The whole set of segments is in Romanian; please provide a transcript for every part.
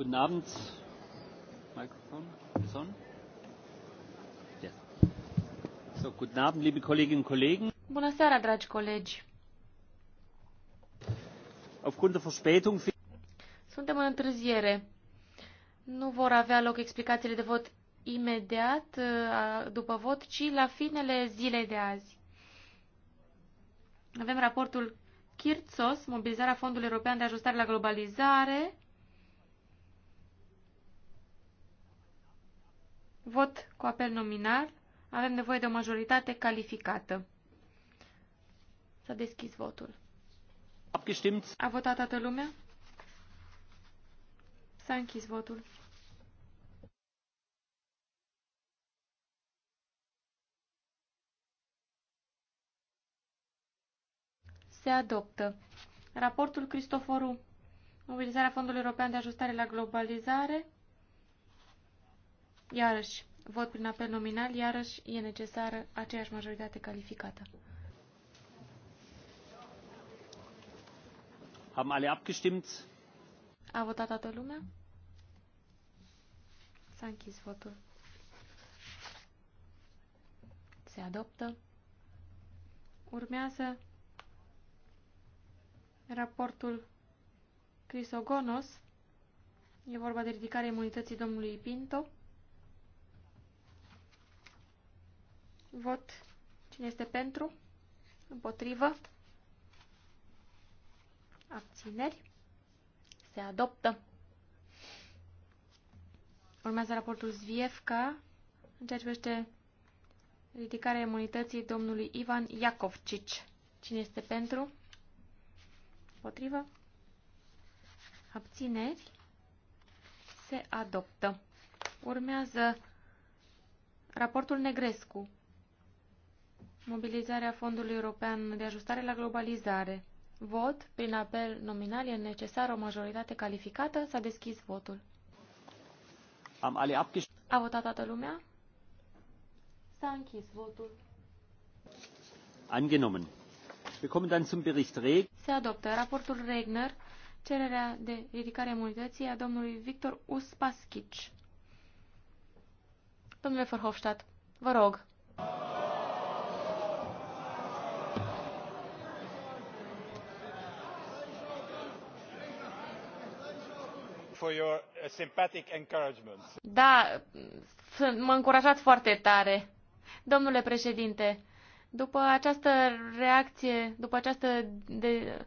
Guten Abend. Mikrofon ist on. So, guten Abend, liebe Kolleginnen und Kollegen. Bună seara, dragi colegi. Aufgrund der Verspätung suntem în întârziere. Nu vor avea loc explicațiile de vot imediat uh, după vot, ci la finele zilei de azi. Avem raportul Kirtsos, mobilizarea Fondului European de Ajustare la Globalizare, Vot cu apel nominal. Avem nevoie de o majoritate calificată. S-a deschis votul. Abgestimmt. A votat toată lumea? S-a închis votul. Se adoptă. Raportul Cristoforu. Mobilizarea Fondului European de Ajustare la Globalizare. Iarăși, vot prin apel nominal, iarăși e necesară aceeași majoritate calificată. Haben alle abgestimmt? A votat toată lumea? S-a închis votul. Se adoptă. Urmează raportul Crisogonos. E vorba de ridicarea imunității domnului Pinto. Vot. Cine este pentru? Împotrivă? Abțineri? Se adoptă. Urmează raportul Zviefka în ceea ce privește ridicarea imunității domnului Ivan Iacovcici. Cine este pentru? Împotrivă? Abțineri? Se adoptă. Urmează raportul Negrescu Mobilizarea Fondului European de Ajustare la Globalizare. Vot prin apel nominal e necesară o majoritate calificată. S-a deschis votul. Am ale A votat toată lumea? S-a închis votul. Angenommen. Wir kommen dann zum Bericht Reg. Se adoptă raportul Regner, cererea de ridicare a imunității a domnului Victor Uspaschic. Domnule Verhofstadt, vă rog. for your uh, sympathetic encouragement. Da, mă încurajați foarte tare. Domnule președinte, după această reacție, după această de,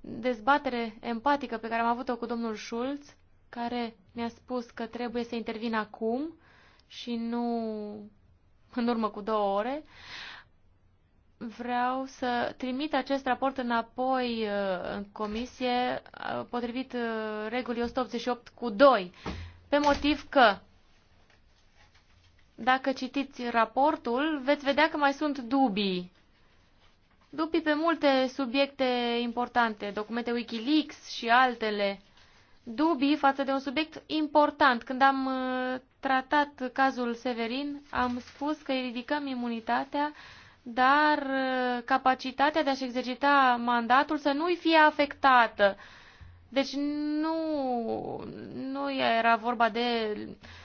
dezbatere empatică pe care am avut-o cu domnul Schulz, care mi a spus că trebuie să intervin acum și nu în urmă cu două ore, vreau să trimit acest raport înapoi uh, în comisie uh, potrivit uh, regulii 188 cu 2, pe motiv că dacă citiți raportul, veți vedea că mai sunt dubii. Dubii pe multe subiecte importante, documente Wikileaks și altele. Dubii față de un subiect important. Când am tratat cazul Severin, am spus că ridicăm imunitatea uh, dar uh, capacitatea de a-și exercita mandatul să nu-i fie afectată. Deci nu, nu era vorba de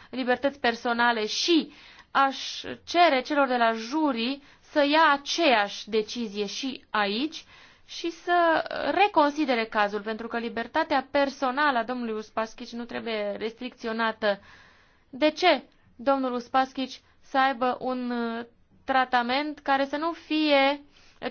libertăți personale și aș cere celor de la juri să ia aceeași decizie și aici și să reconsidere cazul, pentru că libertatea personală a domnului Uspaschici nu trebuie restricționată. De ce domnul Uspaschici să aibă un uh, tratament care să nu fie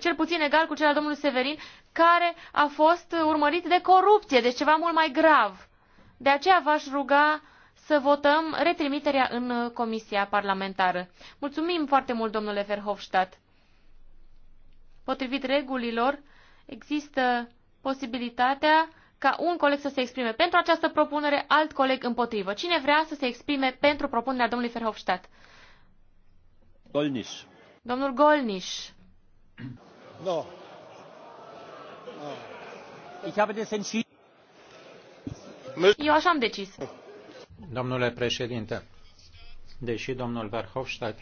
cel puțin egal cu cel al domnului Severin, care a fost urmărit de corupție, deci ceva mult mai grav. De aceea v-aș ruga să votăm retrimiterea în Comisia Parlamentară. Mulțumim foarte mult, domnule Verhofstadt. Potrivit regulilor, există posibilitatea ca un coleg să se exprime pentru această propunere, alt coleg împotrivă. Cine vrea să se exprime pentru propunerea domnului Verhofstadt? Golniș. Domnul Golniș. No. Eu așa am decis. Domnule președinte, deși domnul Verhofstadt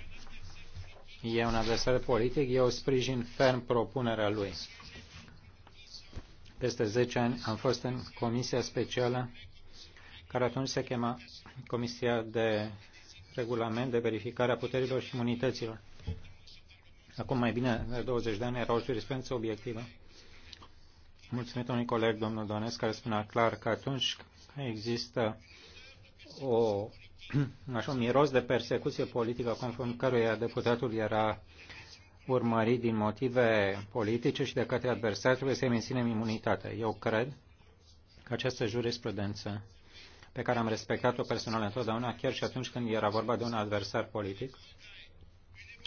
e un adversar politic, eu sprijin ferm propunerea lui. Peste 10 ani am fost în comisia specială care atunci se chema Comisia de regulament de verificare a puterilor și imunităților. Acum mai bine de 20 de ani era o jurisprudență obiectivă. Mulțumit unui coleg, domnul Donesc, care spunea clar că atunci există o, așa, un miros de persecuție politică conform căruia deputatul era urmărit din motive politice și de către adversari, trebuie să menținem imunitatea. Eu cred că această jurisprudență pe care am respectat-o personal întotdeauna, chiar și atunci când era vorba de un adversar politic.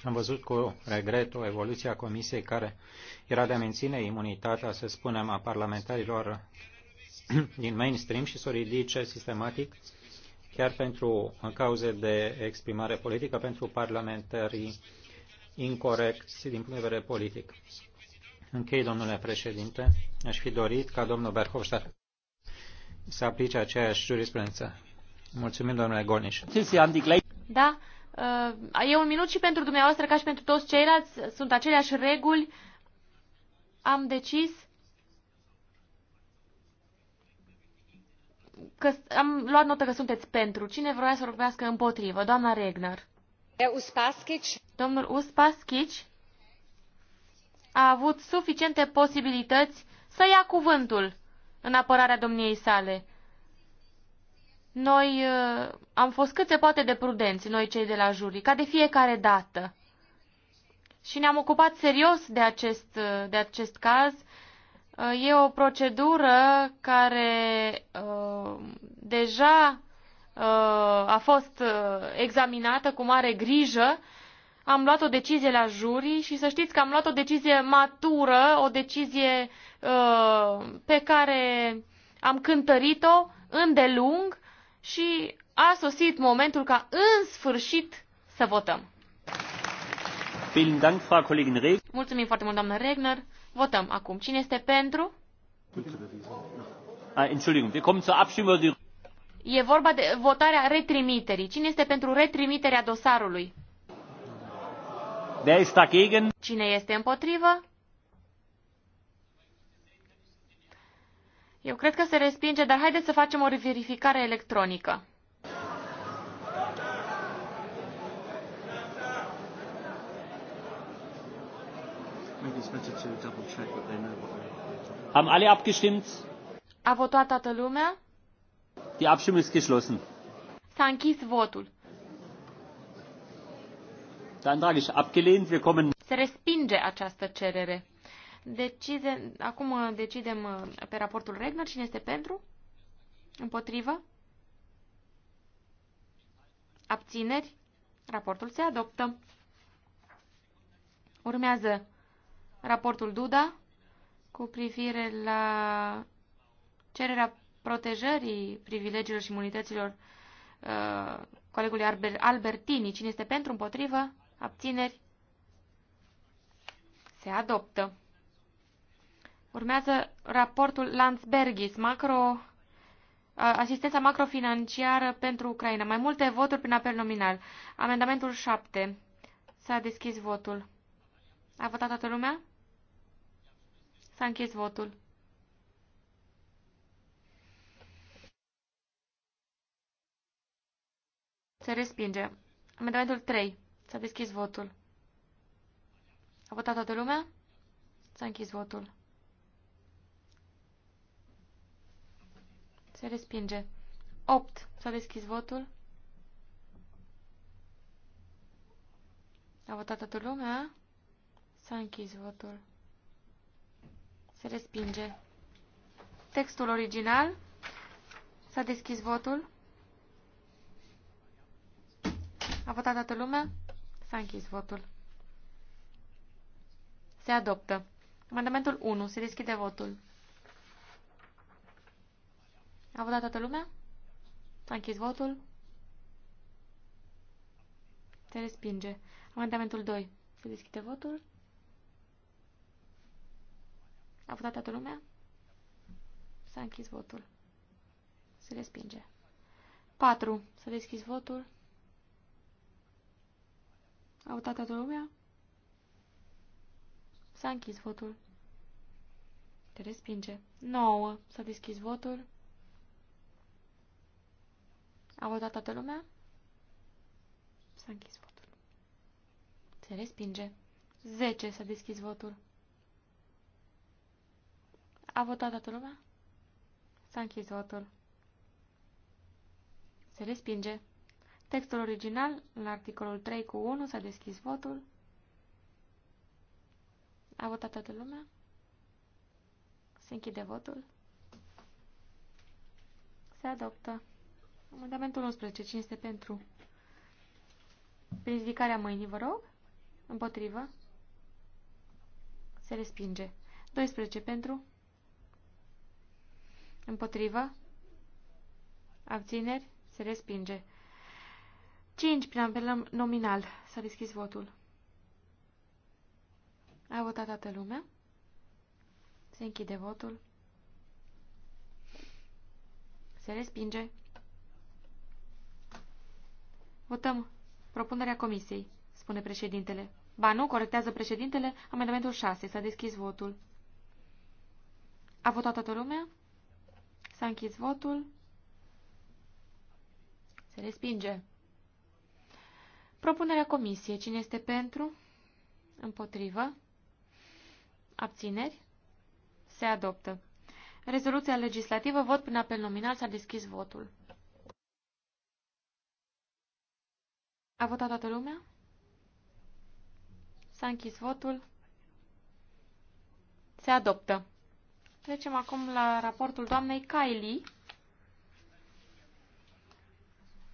Am văzut cu regret o evoluție a Comisiei care era de a menține imunitatea, să spunem, a parlamentarilor din mainstream și să o ridice sistematic chiar pentru cauze de exprimare politică, pentru parlamentarii incorrecți din punct de vedere politic. Închei, domnule președinte, aș fi dorit ca domnul Berhofstadt să aplice aceeași jurisprudență. Mulțumim, domnule Gorniș. Da, uh, e un minut și pentru dumneavoastră ca și pentru toți ceilalți. Sunt aceleași reguli. Am decis că am luat notă că sunteți pentru. Cine vrea să vorbească împotrivă? Doamna Regner. Domnul Uspaschic a avut suficiente posibilități să ia cuvântul în apărarea domniei sale. Noi uh, am fost cât se poate de prudenți, noi cei de la jurii, ca de fiecare dată. Și ne-am ocupat serios de acest, uh, de acest caz. Uh, e o procedură care uh, deja uh, a fost uh, examinată cu mare grijă am luat o decizie la jury și să știți că am luat o decizie matură, o decizie uh, pe care am cântărit-o îndelung și a sosit momentul ca în sfârșit să votăm. Mulțumim foarte mult, doamnă Regner. Votăm acum. Cine este pentru? Ah, e vorba de votarea retrimiterii. Cine este pentru retrimiterea dosarului? Wer ist dagegen? Cine este împotrivă? Eu cred că se respinge, dar haideți să facem o verificare electronică. Am alle abgestimmt? A votat toată lumea? Die Abstimmung ist geschlossen. S-a închis votul. Se respinge această cerere. Decide, acum uh, decidem uh, pe raportul Regner cine este pentru, împotrivă, abțineri, raportul se adoptă. Urmează raportul Duda cu privire la cererea protejării privilegiilor și imunităților uh, colegului Albertini. Cine este pentru, împotrivă, abțineri, se adoptă. Urmează raportul Landsbergis, macro, asistența macrofinanciară pentru Ucraina. Mai multe voturi prin apel nominal. Amendamentul 7. S-a deschis votul. A votat toată lumea? S-a închis votul. Se respinge. Amendamentul 3. S-a deschis votul. A votat toată lumea? S-a închis votul. Se respinge. 8. S-a deschis votul. A votat toată lumea? S-a închis votul. Se respinge. Textul original. S-a deschis votul. A votat toată lumea? S-a închis votul. Se adoptă. Amendamentul 1. Se deschide votul. A votat toată lumea? S-a închis votul. Se respinge. Amendamentul 2. Se deschide votul. A votat toată lumea? S-a închis votul. Se respinge. 4. Să deschizi votul. A votat toată lumea? S-a închis votul. Te respinge. 9. S-a deschis votul. A votat toată lumea? S-a închis votul. Se respinge. 10. S-a deschis votul. A votat toată lumea? S-a închis votul. Se respinge. Textul original, la articolul 3 cu 1, s-a deschis votul. A votat toată lumea? Se închide votul. Se adoptă. Amendamentul 11. Cine este pentru? Prin ridicarea mâinii, vă rog. Împotrivă. Se respinge. 12 pentru. Împotrivă. Abțineri. Se respinge. 5. Prin apel nominal. S-a deschis votul. A votat toată lumea. Se închide votul. Se respinge. Votăm propunerea comisiei, spune președintele. Ba nu, corectează președintele, amendamentul 6. S-a deschis votul. A votat toată lumea? S-a închis votul. Se respinge. Propunerea comisiei. Cine este pentru? Împotrivă. Abțineri? Se adoptă. Rezoluția legislativă. Vot prin apel nominal. S-a deschis votul. A votat toată lumea? S-a închis votul. Se adoptă. Trecem acum la raportul doamnei Kylie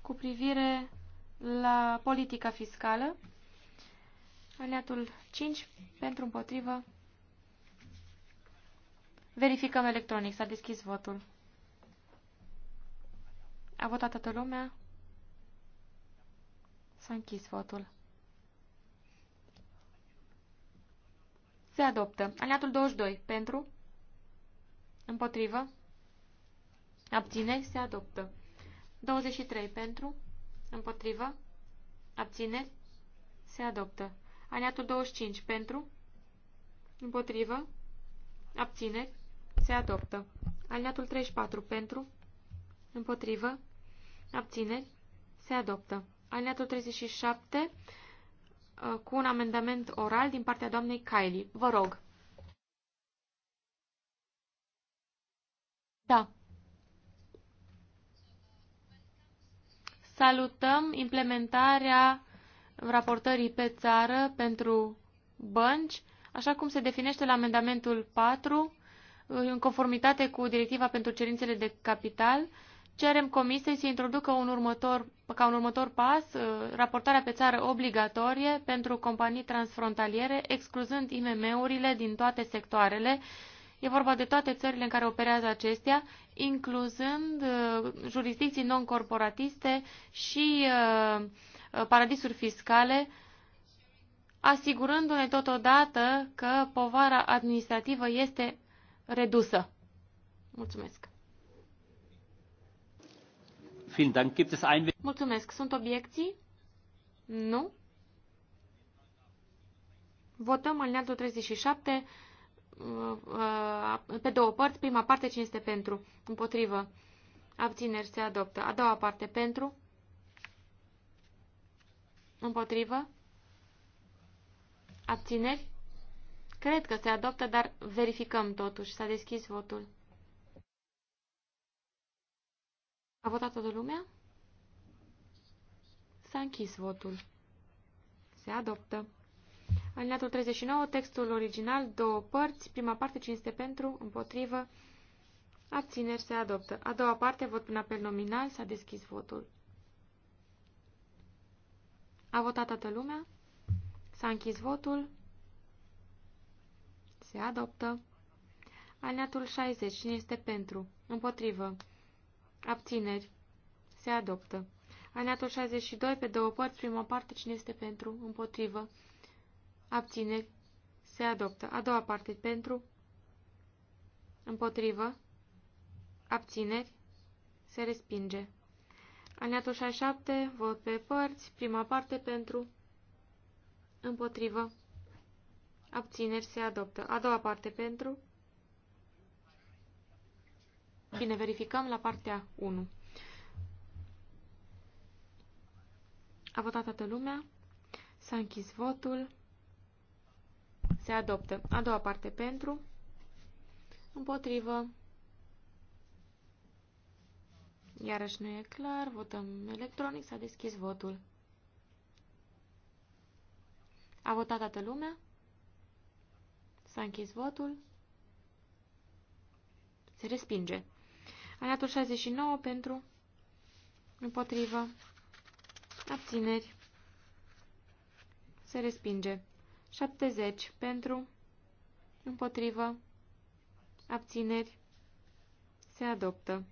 cu privire la politica fiscală. Aliatul 5 pentru împotrivă. Verificăm electronic. S-a deschis votul. A votat toată lumea. S-a închis votul. Se adoptă. Aliatul 22 pentru. Împotrivă. Abține. Se adoptă. 23 pentru. Împotrivă. Abțineri. Se adoptă. Aliatul 25. Pentru. Împotrivă. Abțineri. Se adoptă. Aliatul 34. Pentru. Împotrivă. Abțineri. Se adoptă. Aliatul 37 uh, cu un amendament oral din partea doamnei Kylie. Vă rog. Da. Salutăm implementarea raportării pe țară pentru bănci, așa cum se definește la amendamentul 4, în conformitate cu directiva pentru cerințele de capital, cerem comisiei să introducă un următor, ca un următor pas uh, raportarea pe țară obligatorie pentru companii transfrontaliere, excluzând IMM-urile din toate sectoarele E vorba de toate țările în care operează acestea, incluzând uh, jurisdicții non-corporatiste și uh, paradisuri fiscale, asigurându-ne totodată că povara administrativă este redusă. Mulțumesc! Mulțumesc. Sunt obiecții? Nu? Votăm alineatul 37 Uh, uh, pe două părți. Prima parte, cine este pentru? Împotrivă. Abțineri se adoptă. A doua parte, pentru? Împotrivă? Abțineri? Cred că se adoptă, dar verificăm totuși. S-a deschis votul. A votat toată lumea? S-a închis votul. Se adoptă. Alineatul 39, textul original, două părți, prima parte cinste pentru, împotrivă, abțineri se adoptă. A doua parte, vot prin apel nominal, s-a deschis votul. A votat toată lumea, s-a închis votul, se adoptă. Alineatul 60, cine este pentru, împotrivă, abțineri, se adoptă. Alineatul 62, pe două părți, prima parte, cine este pentru, împotrivă, abține, se adoptă. A doua parte pentru, împotrivă, abțineri, se respinge. Alineatul 67, vot pe părți, prima parte pentru, împotrivă, abțineri, se adoptă. A doua parte pentru, bine, verificăm la partea 1. A votat toată lumea, s-a închis votul. Se adoptă. A doua parte pentru. Împotrivă. Iarăși nu e clar. Votăm electronic. S-a deschis votul. A votat toată lumea. S-a închis votul. Se respinge. Aliatul 69 pentru. Împotrivă. Abțineri. Se respinge. 70 pentru, împotrivă, abțineri, se adoptă.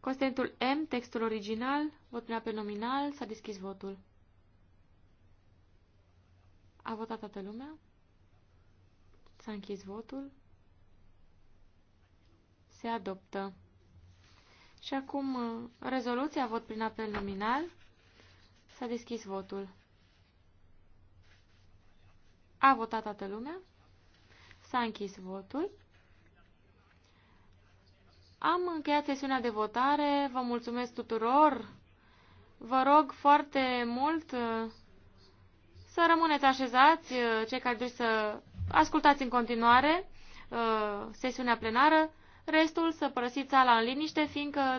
Constentul M, textul original, vot prin apel nominal, s-a deschis votul. A votat toată lumea? S-a închis votul? Se adoptă. Și acum uh, rezoluția, vot prin apel nominal, s-a deschis votul. A votat toată lumea? S-a închis votul. Am încheiat sesiunea de votare. Vă mulțumesc tuturor. Vă rog foarte mult uh, să rămâneți așezați, uh, cei care doriți să ascultați în continuare uh, sesiunea plenară, restul să părăsiți sala în liniște, fiindcă